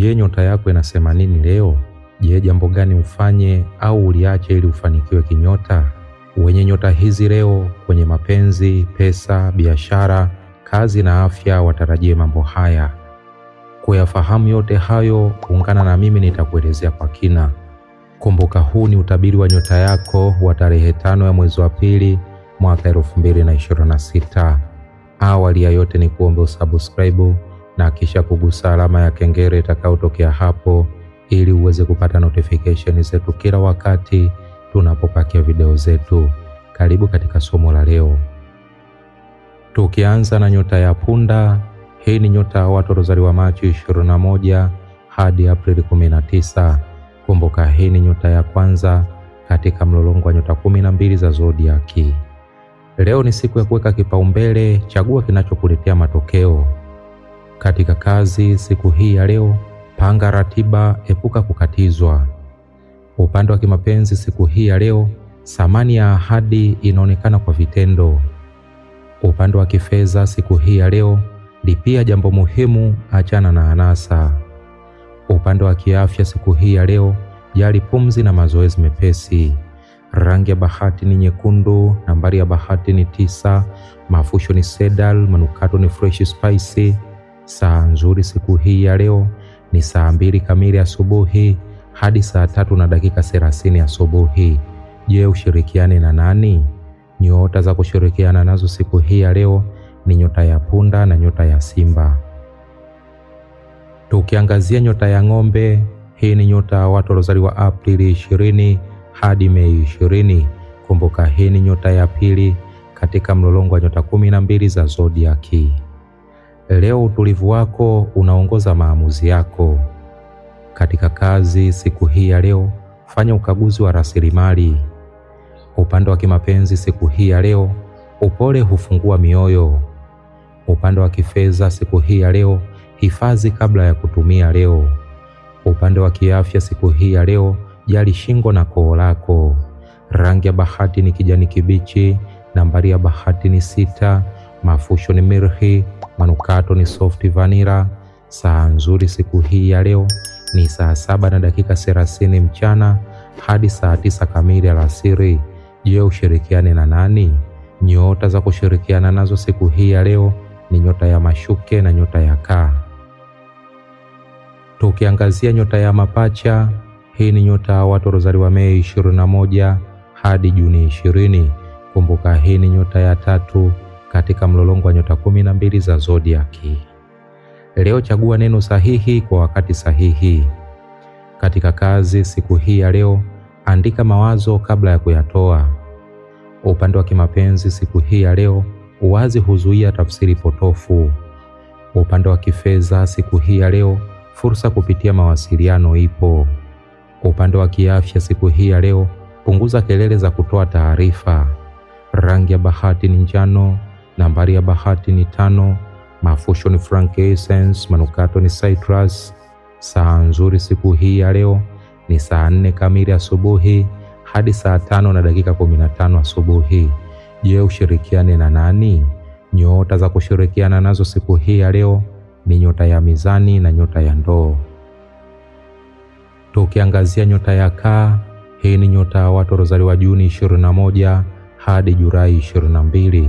Je, nyota yako inasema nini leo? Je, jambo gani ufanye au uliache ili ufanikiwe kinyota? Wenye nyota hizi leo, kwenye mapenzi, pesa, biashara, kazi na afya, watarajie mambo haya. Kuyafahamu yote hayo, kuungana na mimi nitakuelezea kwa kina. Kumbuka, huu ni utabiri wa nyota yako wa tarehe tano ya mwezi wa pili mwaka elfu mbili na ishirini na sita. Awali ya yote ni kuombe usubscribe na kisha kugusa alama ya kengele itakayotokea hapo, ili uweze kupata notification zetu kila wakati tunapopakia video zetu. Karibu katika somo la leo, tukianza na nyota ya punda. Hii ni nyota ya watu waliozaliwa Machi 21 hadi Aprili 19. Kumbuka, hii ni nyota ya kwanza katika mlolongo wa nyota kumi na mbili za zodiaki. Leo ni siku ya kuweka kipaumbele, chagua kinachokuletea matokeo. Katika kazi siku hii ya leo, panga ratiba, epuka kukatizwa. Upande wa kimapenzi siku hii ya leo, thamani ya ahadi inaonekana kwa vitendo. Upande wa kifedha siku hii ya leo, lipia jambo muhimu, achana na anasa. Upande wa kiafya siku hii ya leo, jali pumzi na mazoezi mepesi. Rangi ya bahati ni nyekundu. Nambari ya bahati ni tisa. Mafusho ni sedal. Manukato ni fresh spice. Saa nzuri siku hii ya leo ni saa mbili kamili asubuhi hadi saa tatu na dakika thelathini asubuhi. Je, ushirikiane na nani? Nyota za kushirikiana nazo siku hii ya leo ni nyota ya punda na nyota ya simba. Tukiangazia nyota ya ng'ombe, hii ni nyota ya watu waliozaliwa Aprili ishirini hadi Mei ishirini. Kumbuka, hii ni nyota ya pili katika mlolongo wa nyota kumi na mbili za zodiaki. Leo utulivu wako unaongoza maamuzi yako. Katika kazi siku hii ya leo, fanya ukaguzi wa rasilimali. Upande wa kimapenzi siku hii ya leo, upole hufungua mioyo. Upande wa kifedha siku hii ya leo, hifadhi kabla ya kutumia leo. Upande wa kiafya siku hii ya leo, jali shingo na koo lako. Rangi ya bahati ni kijani kibichi. Nambari ya bahati ni sita. Mafusho ni mirhi, manukato ni soft vanilla. Saa nzuri siku hii ya leo ni saa saba na dakika thelathini mchana hadi saa tisa kamili alasiri. Je, ushirikiane na nani? Nyota za kushirikiana nazo siku hii ya leo ni nyota ya mashuke na nyota ya kaa. Tukiangazia nyota ya mapacha, hii ni nyota ya watu waliozaliwa Mei 21 hadi Juni 20. Kumbuka, hii ni nyota ya tatu katika mlolongo wa nyota kumi na mbili za zodiaki. Leo chagua neno sahihi kwa wakati sahihi. Katika kazi siku hii ya leo, andika mawazo kabla ya kuyatoa. Upande wa kimapenzi siku hii ya leo, uwazi huzuia tafsiri potofu. Upande wa kifedha siku hii ya leo, fursa kupitia mawasiliano ipo. Upande wa kiafya siku hii ya leo, punguza kelele za kutoa taarifa. Rangi ya bahati ni njano. Nambari ya bahati ni tano. Mafusho ni frankincense, manukato ni citrus. Saa nzuri siku hii ya leo ni saa nne kamili asubuhi hadi saa tano na dakika kumi na tano asubuhi. Je, ushirikiane na nani? Nyota za kushirikiana nazo siku hii ya leo ni nyota ya mizani na nyota ya ndoo. Tukiangazia nyota ya kaa, hii ni nyota ya watu waliozaliwa Juni 21 hadi Julai 22.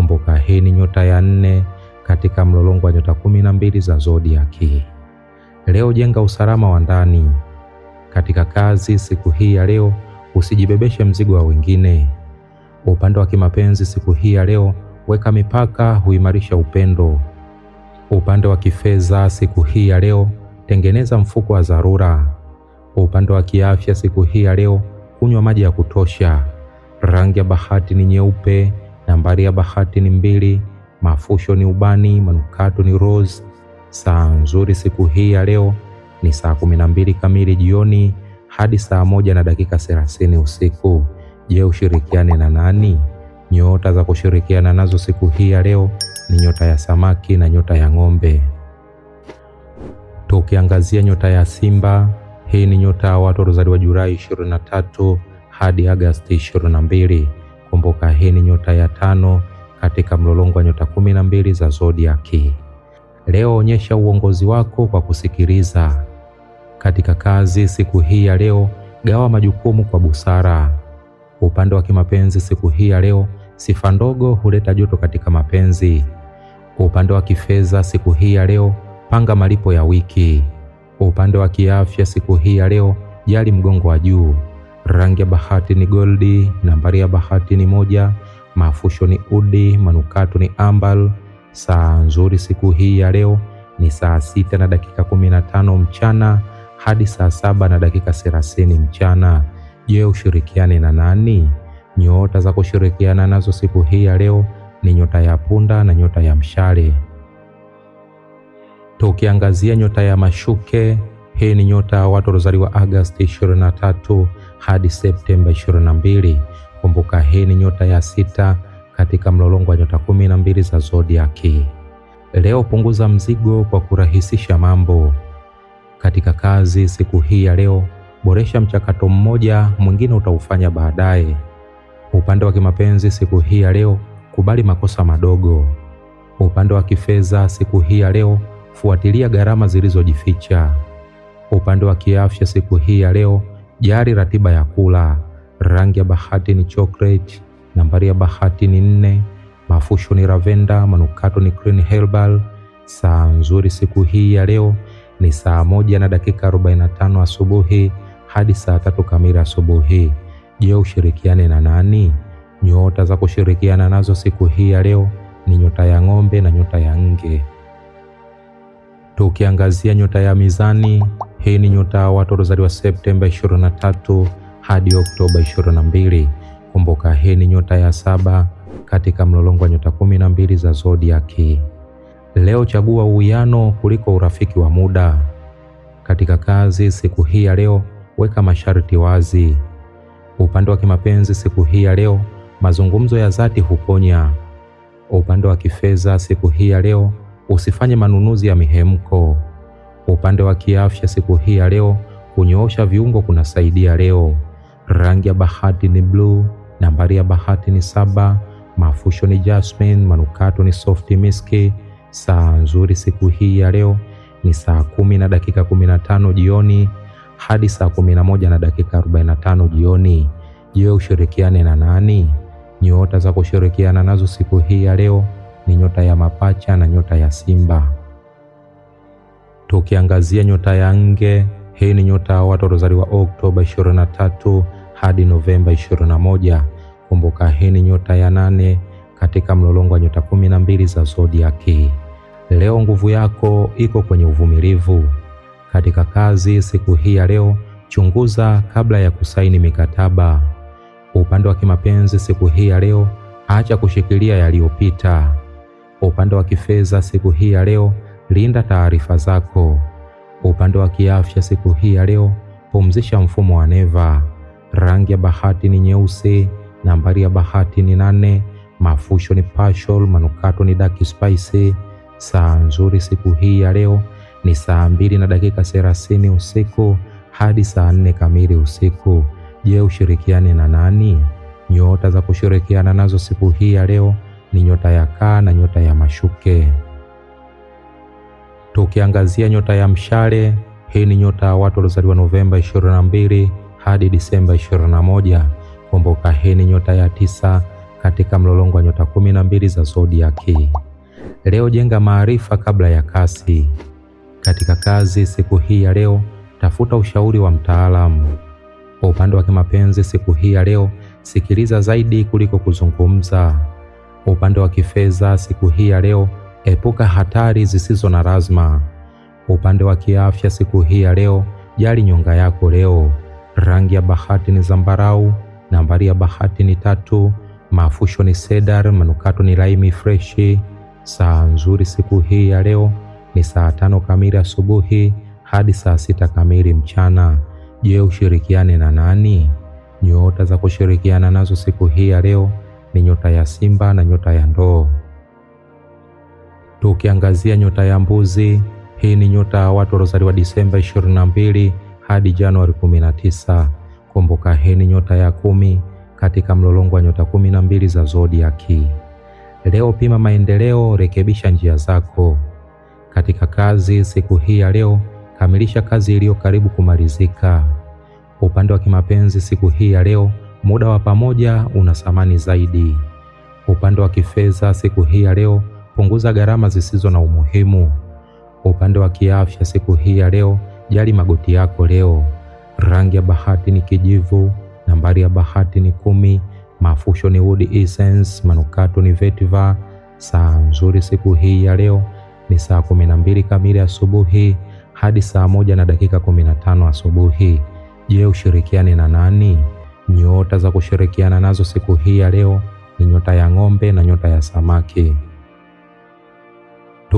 Kumbuka hii ni nyota ya nne katika mlolongo wa nyota kumi na mbili za zodiaki. Leo jenga usalama wa ndani katika kazi. Siku hii ya leo usijibebeshe mzigo wa wengine. Upande wa kimapenzi siku hii ya leo, weka mipaka, huimarisha upendo. Upande wa kifedha siku hii ya leo, tengeneza mfuko wa dharura. Upande wa kiafya siku hii ya leo, kunywa maji ya kutosha. Rangi ya bahati ni nyeupe. Nambari ya bahati ni mbili. Mafusho ni ubani, manukato ni rose. Saa nzuri siku hii ya leo ni saa kumi na mbili kamili jioni hadi saa moja na dakika thelathini usiku. Je, ushirikiane na nani? Nyota za kushirikiana nazo siku hii ya leo ni nyota ya samaki na nyota ya ng'ombe. Tukiangazia nyota ya Simba, hii ni nyota ya watu waliozaliwa Julai 23 hadi Agasti 22. Kumbuka hii ni nyota ya tano katika mlolongo wa nyota kumi na mbili za zodiaki. Leo onyesha uongozi wako kwa kusikiliza. Katika kazi siku hii ya leo, gawa majukumu kwa busara. Upande wa kimapenzi siku hii ya leo, sifa ndogo huleta joto katika mapenzi. Upande wa kifedha siku hii ya leo, panga malipo ya wiki. Upande wa kiafya siku hii ya leo, jali mgongo wa juu. Rangi ya bahati ni goldi, nambari ya bahati ni moja, mafusho ni udi, manukato ni ambal. Saa nzuri siku hii ya leo ni saa sita na dakika kumi na tano mchana hadi saa saba na dakika thelathini mchana. Je, ushirikiane na nani? Nyota za kushirikiana nazo siku hii ya leo ni nyota ya punda na nyota ya mshale. Tukiangazia nyota ya mashuke, hii ni nyota ya watu waliozaliwa Agosti 23 hadi Septemba 22. Kumbuka hii ni nyota ya sita katika mlolongo wa nyota kumi na mbili za zodiaki. Leo punguza mzigo kwa kurahisisha mambo katika kazi. Siku hii ya leo, boresha mchakato mmoja, mwingine utaufanya baadaye. Upande wa kimapenzi, siku hii ya leo, kubali makosa madogo. Upande wa kifedha, siku hii ya leo, fuatilia gharama zilizojificha. Upande wa kiafya, siku hii ya leo, Jali ratiba ya kula. Rangi ya bahati ni chocolate, nambari ya bahati ni nne, mafusho ni lavenda, manukato ni green herbal. Saa nzuri siku hii ya leo ni saa moja na dakika 45 asubuhi hadi saa tatu kamili asubuhi. Je, ushirikiane na nani? Nyota za kushirikiana nazo siku hii ya leo ni nyota ya ng'ombe na nyota ya nge. Tukiangazia nyota ya mizani hii ni nyota watu waliozaliwa Septemba 23 hadi Oktoba 22. Kumbuka hii ni nyota ya saba katika mlolongo wa nyota kumi na mbili za zodiaki. Leo chagua uwiano kuliko urafiki wa muda. Katika kazi siku hii ya leo, weka masharti wazi. Upande wa kimapenzi siku hii ya leo, mazungumzo ya dhati huponya. Upande wa kifedha siku hii ya leo, usifanye manunuzi ya mihemko. Kwa upande wa kiafya, siku hii ya leo, kunyoosha viungo kunasaidia leo. Rangi ya bahati ni bluu, nambari ya bahati ni saba, mafusho ni jasmine, manukato ni soft miski. Saa nzuri siku hii ya leo ni saa kumi na dakika kumi na tano jioni hadi saa kumi na moja na dakika arobaini na tano jioni. Je, ushirikiane na nani? Nyota za kushirikiana nazo siku hii ya leo ni nyota ya mapacha na nyota ya simba tukiangazia nyota ya nge. Hii ni nyota ya watu waliozaliwa Oktoba 23 hadi Novemba 21. Kumbuka, hii ni nyota ya nane katika mlolongo wa nyota kumi na mbili za zodiaki. Leo nguvu yako iko kwenye uvumilivu. Katika kazi siku hii ya leo, chunguza kabla ya kusaini mikataba. Upande wa kimapenzi siku hii ya leo, acha kushikilia yaliyopita. Upande wa kifedha siku hii ya leo linda taarifa zako. Upande wa kiafya siku hii ya leo, pumzisha mfumo wa neva. Rangi ya bahati ni nyeusi. Nambari ya bahati ni nane. Mafusho ni pashol, manukato ni dark spice. Saa nzuri siku hii ya leo ni saa mbili na dakika thelathini usiku hadi saa nne kamili usiku. Je, ushirikiane na nani? Nyota za kushirikiana nazo siku hii ya leo ni nyota ya kaa na nyota ya mashuke. Tukiangazia nyota ya mshale, hii ni nyota ya watu waliozaliwa Novemba 22 hadi Disemba 21. Kumbuka hii ni nyota ya tisa katika mlolongo wa nyota kumi na mbili za zodiaki. Leo jenga maarifa kabla ya kasi. Katika kazi siku hii ya leo, tafuta ushauri wa mtaalamu. Kwa upande wa kimapenzi siku hii ya leo, sikiliza zaidi kuliko kuzungumza. Kwa upande wa kifedha siku hii ya leo Epuka hatari zisizo na lazima. Upande wa kiafya siku hii ya leo, jali nyonga yako leo. Rangi ya bahati ni zambarau. Nambari ya bahati ni tatu. Mafusho ni sedar manukato ni laimi freshi. Saa nzuri siku hii ya leo ni saa tano kamili asubuhi hadi saa sita kamili mchana. Je, ushirikiane na nani? Nyota za kushirikiana nazo siku hii ya leo ni nyota ya Simba na nyota ya Ndoo tukiangazia nyota ya mbuzi. Hii ni nyota ya watu waliozaliwa Disemba 22 hadi Januari 19. Kumbuka, hii ni nyota ya kumi katika mlolongo wa nyota kumi na mbili za zodiaki. Leo pima maendeleo, rekebisha njia zako. Katika kazi siku hii ya leo, kamilisha kazi iliyo karibu kumalizika. Upande wa kimapenzi siku hii ya leo, muda wa pamoja una thamani zaidi. Upande wa kifedha siku hii ya leo kupunguza gharama zisizo na umuhimu. Upande wa kiafya siku hii ya leo, jali magoti yako leo. Rangi ya bahati ni kijivu. Nambari ya bahati ni kumi. Mafusho ni wood essence. Manukato ni vetiver. Saa nzuri siku hii ya leo ni saa kumi na mbili kamili asubuhi hadi saa moja na dakika kumi na tano asubuhi. Je, ushirikiane na nani? Nyota za kushirikiana nazo siku hii ya leo ni nyota ya ng'ombe na nyota ya samaki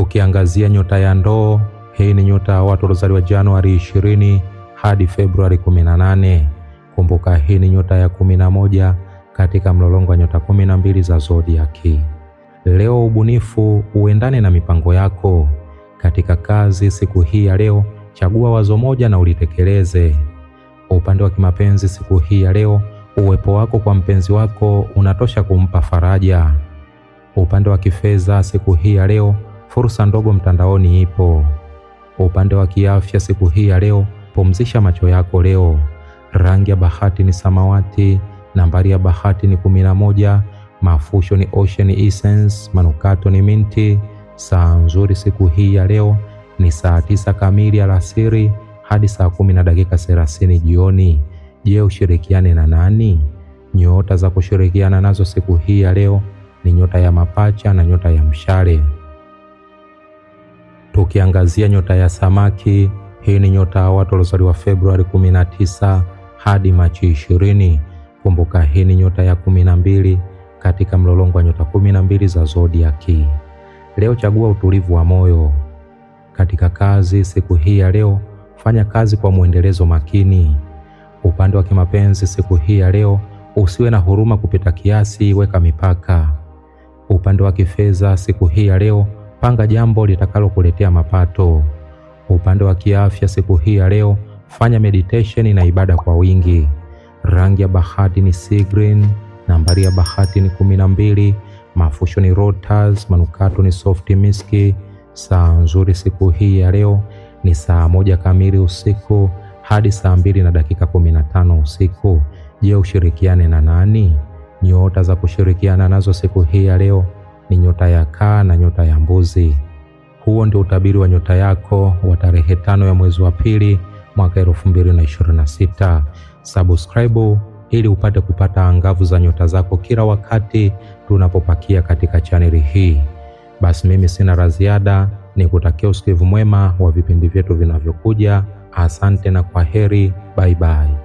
ukiangazia nyota ya ndoo. Hii ni nyota ya watu waliozaliwa Januari 20 hadi Februari 18. Kumbuka hii ni nyota ya 11 katika mlolongo wa nyota 12 za zodiaki. Leo ubunifu uendane na mipango yako katika kazi. Siku hii ya leo, chagua wazo moja na ulitekeleze. Upande wa kimapenzi, siku hii ya leo, uwepo wako kwa mpenzi wako unatosha kumpa faraja. Upande wa kifedha, siku hii ya leo Fursa ndogo mtandaoni ipo. upande wa kiafya siku hii ya leo, pumzisha macho yako leo. Rangi ya bahati ni samawati, nambari ya bahati ni kumi na moja, mafusho ni ocean essence, manukato ni minti. Saa nzuri siku hii ya leo ni saa tisa kamili alasiri hadi saa kumi na dakika thelathini jioni. Je, ushirikiane na nani? Nyota za kushirikiana nazo siku hii ya leo ni nyota ya mapacha na nyota ya mshale tukiangazia nyota ya samaki. Hii ni nyota ya watu waliozaliwa Februari 19 hadi Machi 20. Kumbuka hii ni nyota ya 12 katika mlolongo wa nyota 12 za zodiaki. Leo chagua utulivu wa moyo katika kazi. Siku hii ya leo, fanya kazi kwa mwendelezo makini. Upande wa kimapenzi, siku hii ya leo, usiwe na huruma kupita kiasi, weka mipaka. Upande wa kifedha, siku hii ya leo panga jambo litakalokuletea mapato. Upande wa kiafya siku hii ya leo, fanya meditation na ibada kwa wingi. Rangi ya bahati ni sea green, nambari ya bahati ni kumi na mbili, mafusho ni rotas, manukato ni soft miski. Saa nzuri siku hii ya leo ni saa moja kamili usiku hadi saa mbili na dakika kumi na tano usiku. Je, ushirikiane na nani? Nyota za kushirikiana nazo siku hii ya leo ni nyota ya kaa na nyota ya mbuzi. Huo ndio utabiri wa nyota yako wa tarehe tano ya mwezi wa pili mwaka sita. Subscribe ili upate kupata angavu za nyota zako kila wakati tunapopakia katika chaneli hii. Basi mimi sina la ziada, kutakia usikivu mwema wa vipindi vyetu vinavyokuja. Asante na kwa heri, bye bye.